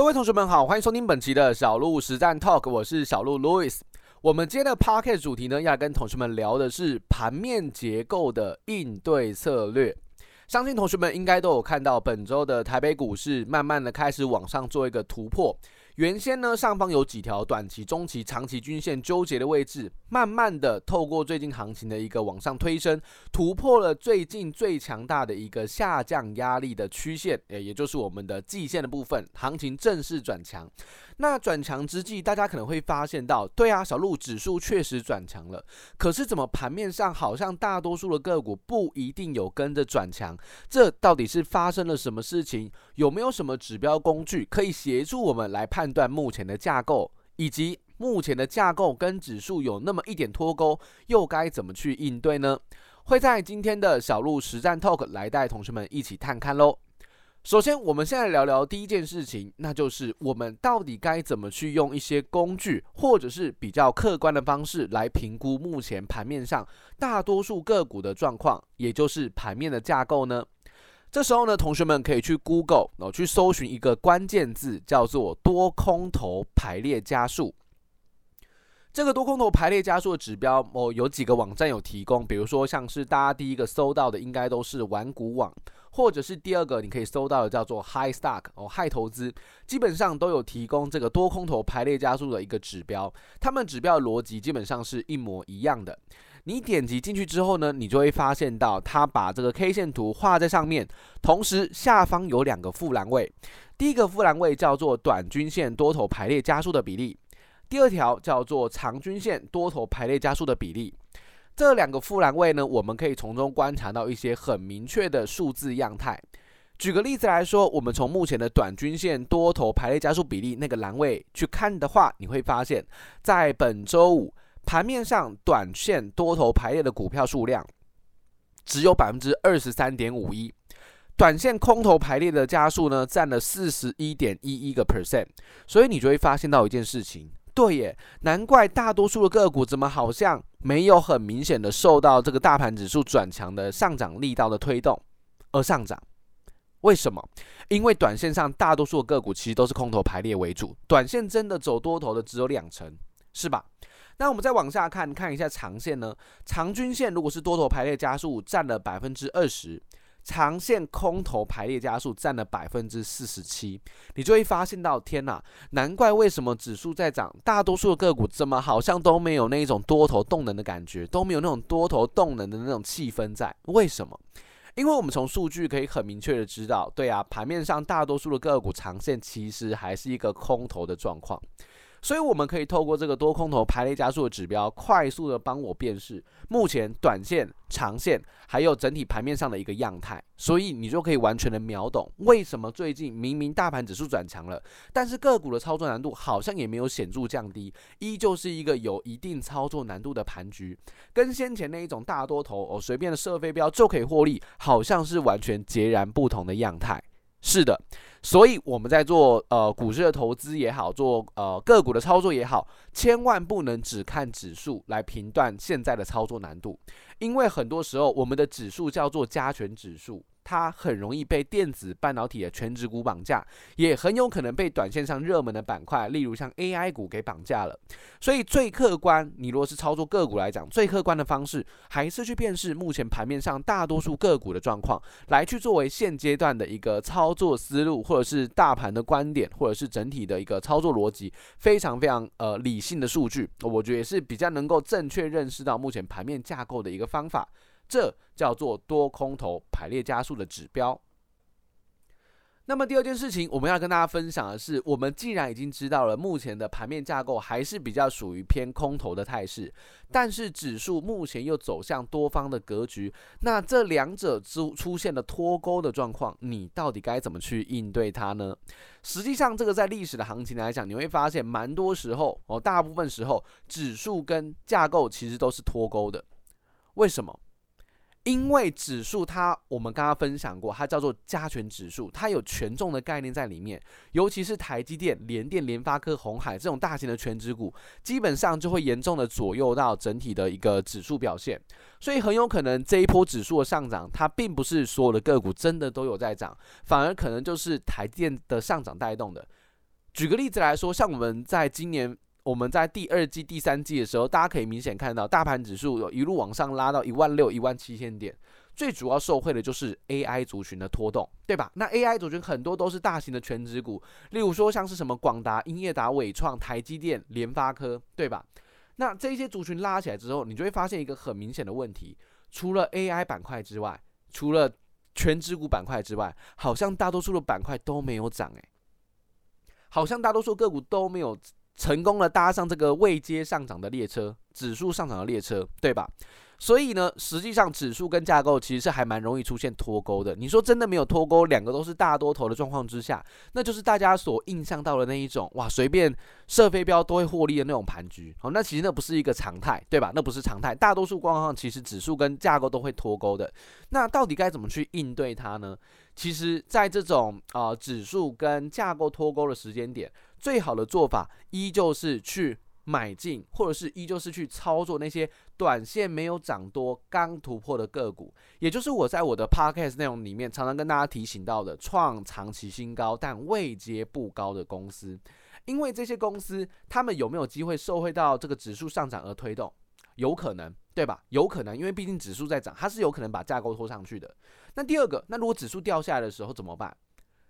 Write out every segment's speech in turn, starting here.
各位同學們好，歡迎收聽本期的小鹿實戰 Talk，我是小鹿 Louis。我們今天的 Podcast 主題呢，要跟同學們聊的是盤面結構的應對策略。相信同學們應該都有看到，本周的台北股市慢慢的開始往上做一個突破。原先呢，上方有幾條短期、中期、長期均線糾結的位置，慢慢的透過最近行情的一個往上推升，突破了最近最強大的一個下降壓力的曲線，誒，也就是我們的季線的部分，行情正式轉強。那轉強之際，大家可能會發現到，對啊，小路指數確實轉強了，可是怎麼盤面上好像大多數的個股不一定有跟着轉強，這到底是發生了什麼事情？有沒有什麼指標工具可以協助我們來判？斷目前的架構，以及目前的架構跟指數有那麼一點脫鈎，又該怎麼去應對呢？會在今天的小鹿實戰 Talk 來帶同學們一起探看嘍。首先，我們先來聊聊第一件事情，那就是我們到底該怎麼去用一些工具，或者是比較客觀的方式來評估目前盤面上大多數個股的狀況，也就是盤面的架構呢？這時候呢，同學們可以去 Google，哦，去搜尋一個關鍵字，叫做“多空頭排列家數”。這個多空頭排列家數的指標，哦，有幾個網站有提供，比如說像是大家第一個搜到的，應該都是玩股網，或者是第二個你可以搜到的，叫做 HiStock，哦，嗨投資，基本上都有提供這個多空頭排列家數的一個指標。他們指標的邏輯基本上是一模一樣的。你點擊進去之後呢，你就會發現到它把這個 K 線圖畫在上面，同時下方有兩個副欄位，第一個副欄位叫做短均線多頭排列加速的比例，第二條叫做長均線多頭排列加速的比例。這兩個副欄位呢，我們可以從中觀察到一些很明確的數字樣態。舉個例子來說，我們從目前的短均線多頭排列加速比例那個欄位去看的話，你會發現在本週五。盤面上，短線多頭排列的股票數量只有百分之二十三點五一，短線空頭排列的家數呢，占了四十一點一一個 percent。所以你就會發現到一件事情，對耶，難怪大多數的個股怎麼好像沒有很明顯的受到這個大盤指數轉強的上漲力道的推動而上漲？為什麼？因為短線上大多數的個股其實都是空頭排列為主，短線真的走多頭的只有兩成，是吧？那我們再往下看，看一下長線呢？長均線如果是多頭排列加速，占了百分之二十；長線空頭排列加速占了百分之四十七。你就會發現到，天哪！難怪為什麼指數在漲，大多數的個股怎麼好像都沒有那一種多頭動能的感覺，都沒有那種多頭動能的那種氣氛在？為什麼？因為我們從數據可以很明確的知道，對啊，盤面上大多數的個股長線其實還是一個空頭的狀況。所以我們可以透過這個多空頭排列家數的指標，快速的幫我辨識目前短線、長線還有整體盤面上的一個樣態。所以你就可以完全的秒懂，為什麼最近明明大盤指數轉強了，但是個股的操作難度好像也沒有顯著降低，依舊是一個有一定操作難度的盤局，跟先前那一種大多頭哦隨便的射飛鏢就可以獲利，好像是完全截然不同的樣態。是的，所以我們在做呃股市的投資也好，做呃個股的操作也好，千萬不能只看指數來評斷現在的操作難度，因為很多時候我們的指數叫做加權指數。它很容易被電子半導體的權值股綁架，也很有可能被短線上熱門的板塊，例如像 AI 股給綁架了。所以最客觀，你如果是操作個股來講，最客觀的方式還是去辨識目前盤面上大多數個股的狀況，來去作為現階段的一個操作思路，或者是大盤的觀點，或者是整體的一個操作邏輯，非常非常呃理性的數據，我覺得也是比較能夠正確認識到目前盤面架構的一個方法。這叫做多空頭排列家數的指標。那麼第二件事情，我們要跟大家分享的是，我們既然已經知道了目前的盤面架構還是比較屬於偏空頭的態勢，但是指數目前又走向多方的格局，那這兩者之出現的脫鈎的狀況，你到底該怎麼去應對它呢？實際上，這個在歷史的行情來講，你會發現蠻多時候哦，大部分時候指數跟架構其實都是脫鈎的。為什麼？因為指數它，我們剛剛分享過，它叫做加權指數，它有權重的概念在裡面。尤其是台積電、聯電、聯發科、鴻海這種大型的權值股，基本上就會嚴重的左右到整體的一個指數表現。所以很有可能這一波指數的上漲，它並不是所有的個股真的都有在漲，反而可能就是台積電的上漲帶動的。舉個例子來說，像我們在今年。我們在第二季、第三季的時候，大家可以明顯看到大盤指數有一路往上拉到一萬六、一萬七千點，最主要受惠的就是 AI 族群的拖動，對吧？那 AI 族群很多都是大型的權值股，例如說像是什麼廣達、英業達、緯創、台積電、聯發科，對吧？那這些族群拉起來之後，你就會發現一個很明顯的問題：除了 AI 板塊之外，除了權值股板塊之外，好像大多數的板塊都沒有漲，哎，好像大多數個股都沒有。成功的搭上這個位階上漲的列車，指數上漲的列車，對吧？所以呢，實際上指數跟架構其實是還蠻容易出現脫鈎的。你說真的沒有脫鈎，兩個都是大多頭的狀況之下，那就是大家所印象到的那一種，哇，隨便射飛鏢都會獲利的那種盤局。好、哦，那其實那不是一個常態，對吧？那不是常態，大多數狀況上其實指數跟架構都會脫鈎的。那到底該怎麼去應對它呢？其實，在這種啊、呃，指數跟架構脫鈎的時間點。最好的做法依舊是去買進，或者是依舊是去操作那些短線沒有漲多、剛突破的個股，也就是我在我的 podcast 內容裡面常常跟大家提醒到的創長期新高但位階不高的公司，因為這些公司他們有沒有機會受惠到這個指數上漲而推動？有可能，對吧？有可能，因為畢竟指數在漲，它是有可能把架構拖上去的。那第二個，那如果指數掉下來的時候怎麼辦？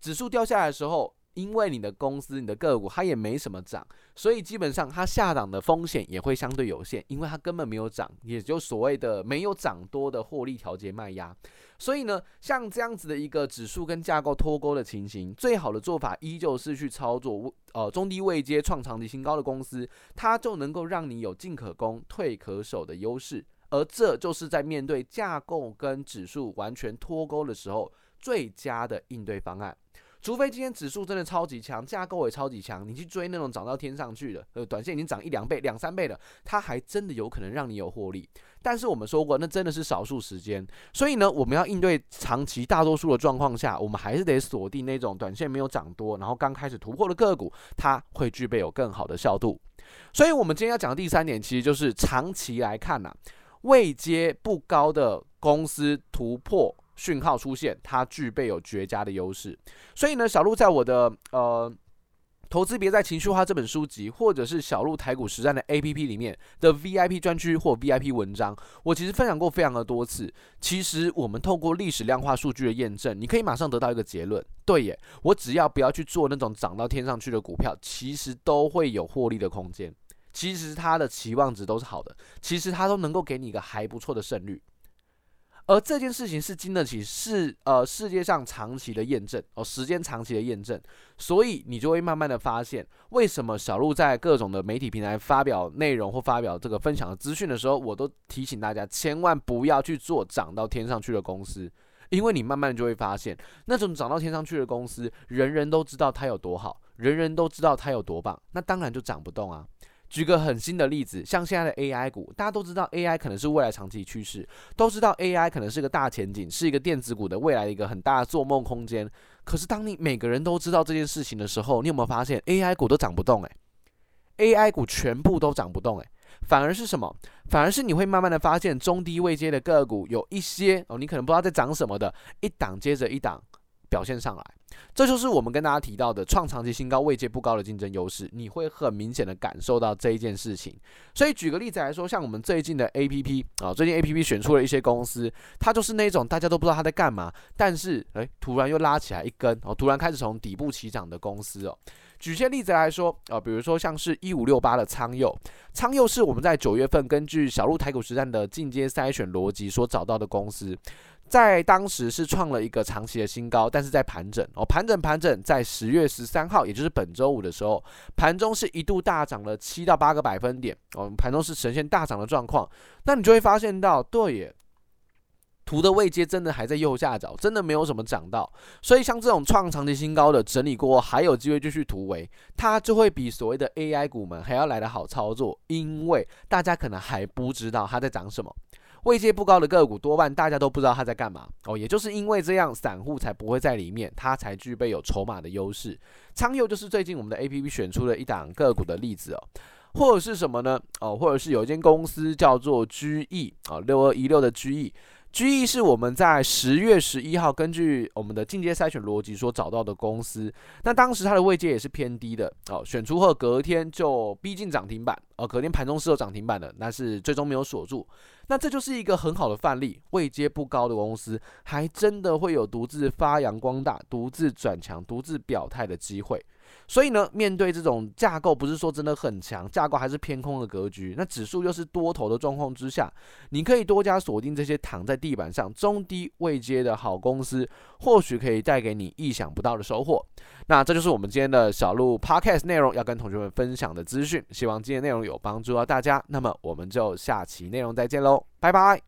指數掉下來的時候。因為你的公司、你的個股它也沒什麼漲，所以基本上它下檔的風險也會相對有限，因為它根本沒有漲，也就所謂的沒有漲多的獲利調節賣壓。所以呢，像這樣子的一個指數跟架構脫鈎的情形，最好的做法依舊是去操作呃中低位階創長期新高的公司，它就能夠讓你有進可攻、退可守的優勢，而這就是在面對架構跟指數完全脫鈎的時候最佳的應對方案。除非今天指數真的超級強，架構也超級強，你去追那種漲到天上去的，呃，短線已經漲一兩倍、兩三倍了，它還真的有可能讓你有獲利。但是我們說過，那真的是少數時間。所以呢，我們要應對長期大多數的狀況下，我們還是得鎖定那種短線沒有漲多，然後剛開始突破的個股，它會具備有更好的效度。所以我們今天要講的第三點，其實就是長期來看吶、啊，位階不高的公司突破。訊號出現，它具備有絕佳的優勢，所以呢，小鹿在我的呃投資別再情緒化這本書籍，或者是小鹿台股實戰的 APP 裡面的 VIP 專區或 VIP 文章，我其實分享過非常的多次。其實我們透過歷史量化數據的驗證，你可以馬上得到一個結論：對耶，我只要不要去做那種漲到天上去的股票，其實都會有獲利的空間。其實它的期望值都是好的，其實它都能夠給你一個還不錯的勝率。而這件事情是經得起世，呃，世界上長期的驗證哦，時間長期的驗證，所以你就會慢慢的發現，為什麼小鹿在各種的媒體平台發表內容或發表這個分享的資訊的時候，我都提醒大家千萬不要去做漲到天上去的公司，因為你慢慢就會發現，那種漲到天上去的公司，人人都知道它有多好，人人都知道它有多棒，那當然就漲不動啊。舉個很新的例子，像現在的 AI 股，大家都知道 AI 可能是未來長期趨勢，都知道 AI 可能是個大前景，是一個電子股的未來一個很大的做夢空間。可是當你每個人都知道這件事情的時候，你有沒有發現 AI 股都漲不動，欸？AI 股全部都漲不動，欸，反而是什麼？反而是你會慢慢的發現中低位階的個股有一些哦，你可能不知道在漲什麼的，一檔接着一檔。表現上來，這就是我們跟大家提到的創長期新高、位階不高的競爭優勢，你會很明顯的感受到這一件事情。所以舉個例子來說，像我們最近的 A P P、哦、啊，最近 A P P 選出了一些公司，它就是那種大家都不知道它在幹嘛，但是誒突然又拉起來一根，然、哦、後突然開始從底部起漲的公司哦。舉些例子來說啊、哦，比如說像是一五六八的倉佑，倉佑是我們在九月份根據小鹿台股實戰的進階篩選邏輯所找到的公司。在當時是創了一個長期的新高，但是在盤整哦，盤整盤整，在十月十三號，也就是本周五的時候，盤中是一度大漲了七到八個百分點哦，盤中是呈現大漲的狀況，那你就會發現到，對耶，圖的位階真的還在右下角，真的沒有什麼漲到，所以像這種創長期新高的整理過後，還有機會繼續突圍，它就會比所謂的 AI 股們還要來得好操作，因為大家可能還不知道它在漲什麼。位階不高的個股，多半大家都不知道他在幹嘛哦。也就是因為這樣，散戶才不會在裡面，他才具備有籌碼的優勢。倉佑，就是最近我們的 A P P 選出了一檔個股的例子哦，或者是什麼呢？哦，或者是有一間公司叫做居易。啊、哦，六二一六的居易。GE 是我們在十月十一號根據我們的進階篩選邏輯所找到的公司，那當時它的位階也是偏低的哦，選出後隔天就逼近漲停板哦，隔天盤中是有漲停板的，但是最終沒有鎖住，那這就是一個很好的範例，位階不高的公司還真的會有獨自發揚光大、獨自轉強、獨自表態的機會。所以呢，面對這種架構，不是說真的很強，架構還是偏空的格局。那指數又是多頭的狀況之下，你可以多加鎖定這些躺在地板上、中低位階的好公司，或許可以帶給你意想不到的收穫。那這就是我們今天的小路 podcast 內容要跟同學們分享的資訊，希望今天的內容有幫助到大家。那麼我們就下期內容再見嘍，拜拜。